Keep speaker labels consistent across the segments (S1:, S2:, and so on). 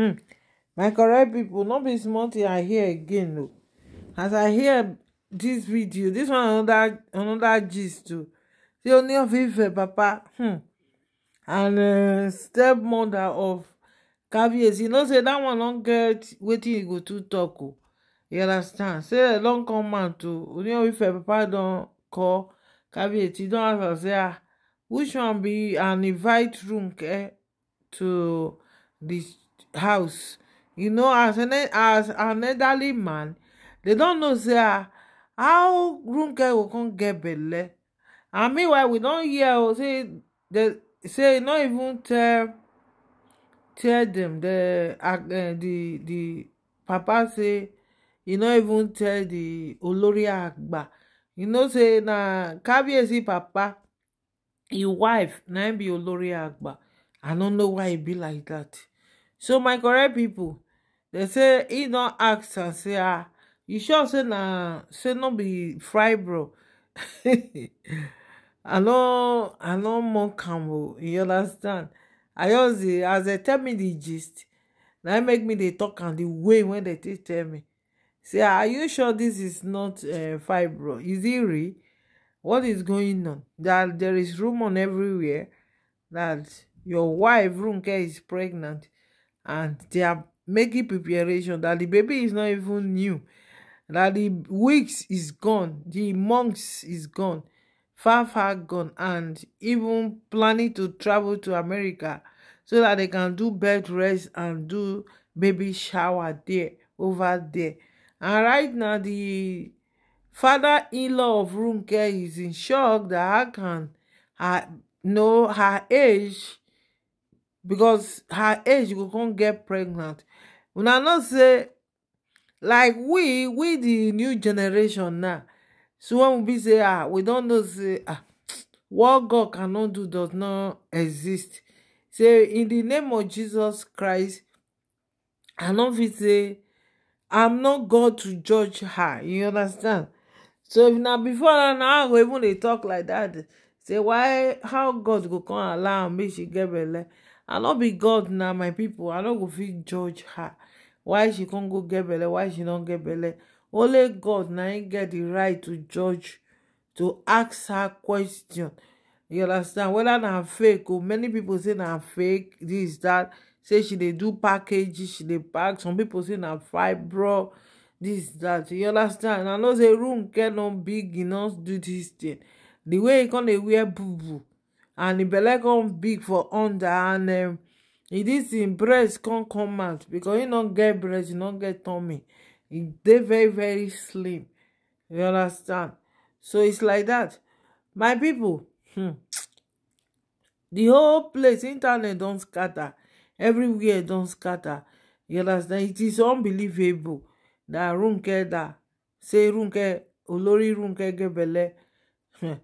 S1: hmm my correct people, not be small tin i hear again o as i hear this video This one another, another gist too say only of ife papa hmm and uh, stepmother of cavies you know say that. one don get waiting to go too tok o oh. you understand say dem don come out o only of ife papa don't call cavies you don ask am say ah which one be an invite room eh to this house you know as an as an elderly man they don't know say ah, how room girl go come get belle and meanwhile we don't hear o oh, say say not even tell tell them the uh, uh, the the papa say you not even tell the oloria agba you know say na kabiyesi papa your wife na im be olori agba i don't know why e be like that so my correct people, they say he not ask and say ah you sure say na say no be fry bro i know, i know more am oh, you understand i just dey as they tell me the gist Now im make me they talk and the way when they take tell me say are ah, you sure this is not eh, fibro is it real what is going on that there is rumour everywhere that your wife runke is pregnant and they are making preparation that the baby is not even new that the weeks is gone the months is gone far far gone and even planning to travel to America so that they can do bed rest and do baby shower there over there and right now the father-in-law of Ronke is in shock that I can her know her age Because her age go come get pregnant una know say like we we the new generation now so when we be say ah we don know say ah what god cannot do does not exist say in the name of jesus christ i no fit say i'm not god to judge her you understand so if na before na i go even dey talk like that. say why how god go come allow am make she get belle i no be god na my people. i no go fit judge her why she con go get belle why she don get belle only god na him get the right to judge to ask her question you understand whether na fake o many people say na fake this that. say she dey do packages she dey pack some people say na fibro this that. you understand i know say room care no big e no do this thing The way he come, dey wear boo boo and im belle come big for under and um, e dis im breast come come out because he don't get breast He don't get tummy e dey very very slim you understand so its like that, my people. hmm di whole place internet don't scatter everywhere don't scatter you understand it is unbelievable that runke that say runke olori runke get belle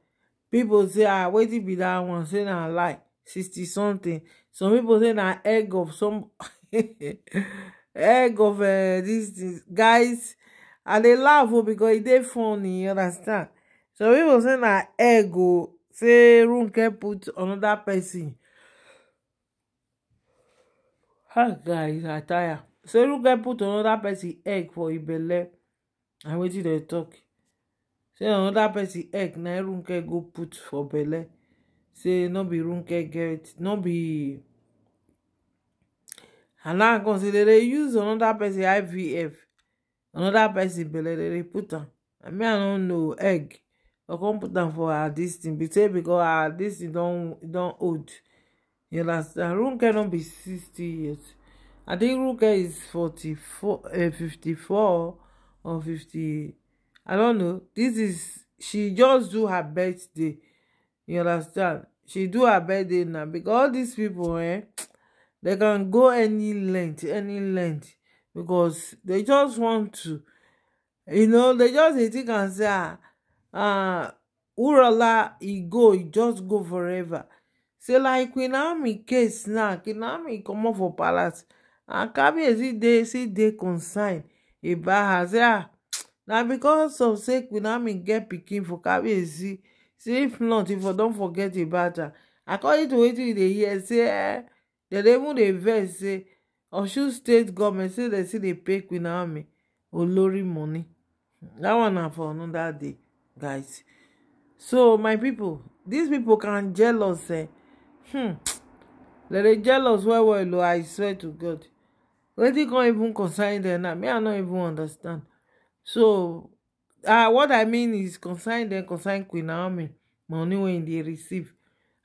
S1: pipo say ah wetin be dat one say na lie sixty something some pipo say na egg of some egg of uh, eh, dis thing guys i dey laugh o oh, becos e dey funny you understand some pipo say na egg o oh. say runke put another person. ah guys i tire say runke put another person. egg for e belle and wetin dem tok say another person egg na irunke go put for belle say no be irunke get no be and now consider say use another person ivf another person belle they dey put on. i mean i don't know egg I come put on for her this thing be say because her this thing don't don old you understand runke no be sixty years i think runke is forty-four uh, fifty-four or fifty i don't know this is she just do her birthday you understand she do her birthday now because all these people eh they can go any length any length because they just want to you know they just dey think and say ah ah urola e go e just go forever say like queen naomi case now queen naomi comot for palace and kabiyesi dey still dey concerned about her say ah na because of say queen ami get pikin for kabiyesi say if not if I don forget about her according to wetin you dey hear say eh dem even dey vex say osun state goment say dem still dey pay queen ami olori money That one na for anoda day guys so my people, these people can jealous eh hmm dem dey jealous well well o oh, i swear to god wetin come even concern dem na me i no even understand so ah what i mean is concern dem concern queen naomi money when they receive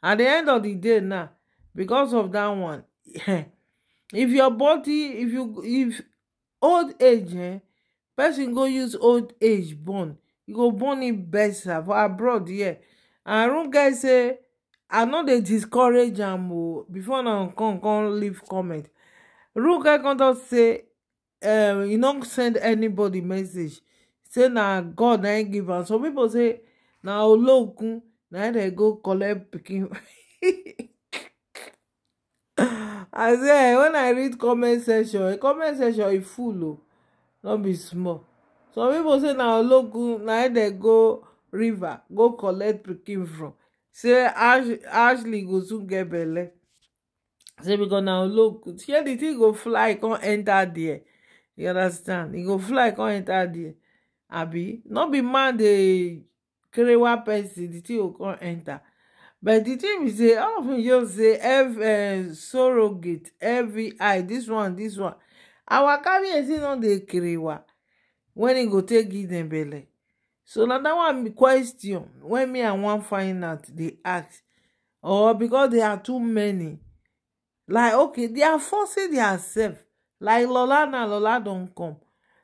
S1: at the end of the day now because of that one if your body if you if old age eh person go use old age born you go born im better for abroad yeah. and run guys say i know they discourage am oh, before now come come leave comment run guy come say um e don't send anybody message say na god na give am some people say na ologun na they go collect picking. i say eh, when i read comment section eh, comment section e full o oh. no be small some people say na ologun na they go river go collect picking from say Ash, ashley go soon get belle say becos now, look, here the thing go fly can't enter there you understand e go fly come enter there abi no be man dey kerewa person the thing go come enter but the thing is, say all of them just say every eh, surrogate every eye this one this one our is not the kerewa When e go take give dem belle so now that one question When me and one find out they ask or oh, because there are too many like okay they are forcing themselves like lola na lola don come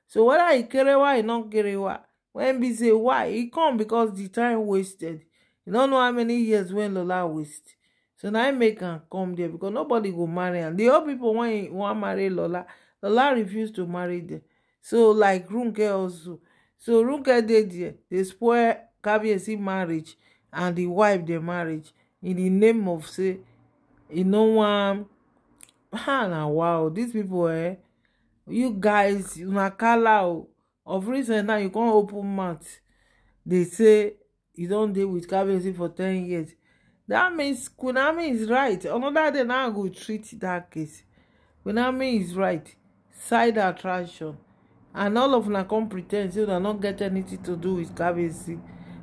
S1: so whether he why he not no why. When be say why he come because the time wasted you don't know how many years when lola waste so now im make him come there because nobody go marry him. The old people want want marry lola lola refused to marry them. so like runke also so runke dey there dey spoil kabiyesi marriage and di wife their marriage in the name of say e no wan ha ah, na wow These people, eh you guys una kala of reason now you con open mouth dey say you don dey with kabiyesi for ten years That means Kunami is right another day now i go treat that case Kunami is right side attraction and all of una come pretend say una no get anything to do with kabiyesi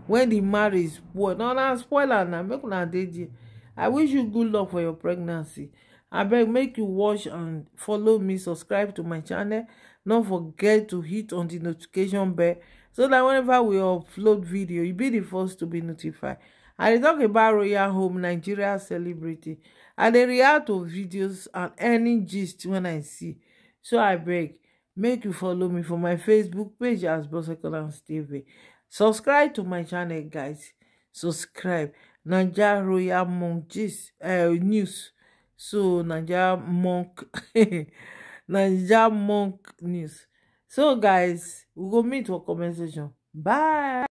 S1: when the marriage spoil no na spoil am na make una dey there i wish you good luck for your pregnancy abeg make you watch and follow me subscribe to my channel don't forget to hit on the notification bell so that whenever we upload video you be the first to be notified i talk about royal home nigeria celebrity i dey react to videos and any gist when i see so I beg make you follow me for my facebook page as Bose TV subscribe to my channel guys subscribe Nigeria royal monk uh, eh, news so naija monk naija monk news so guys we go meet for comment section bye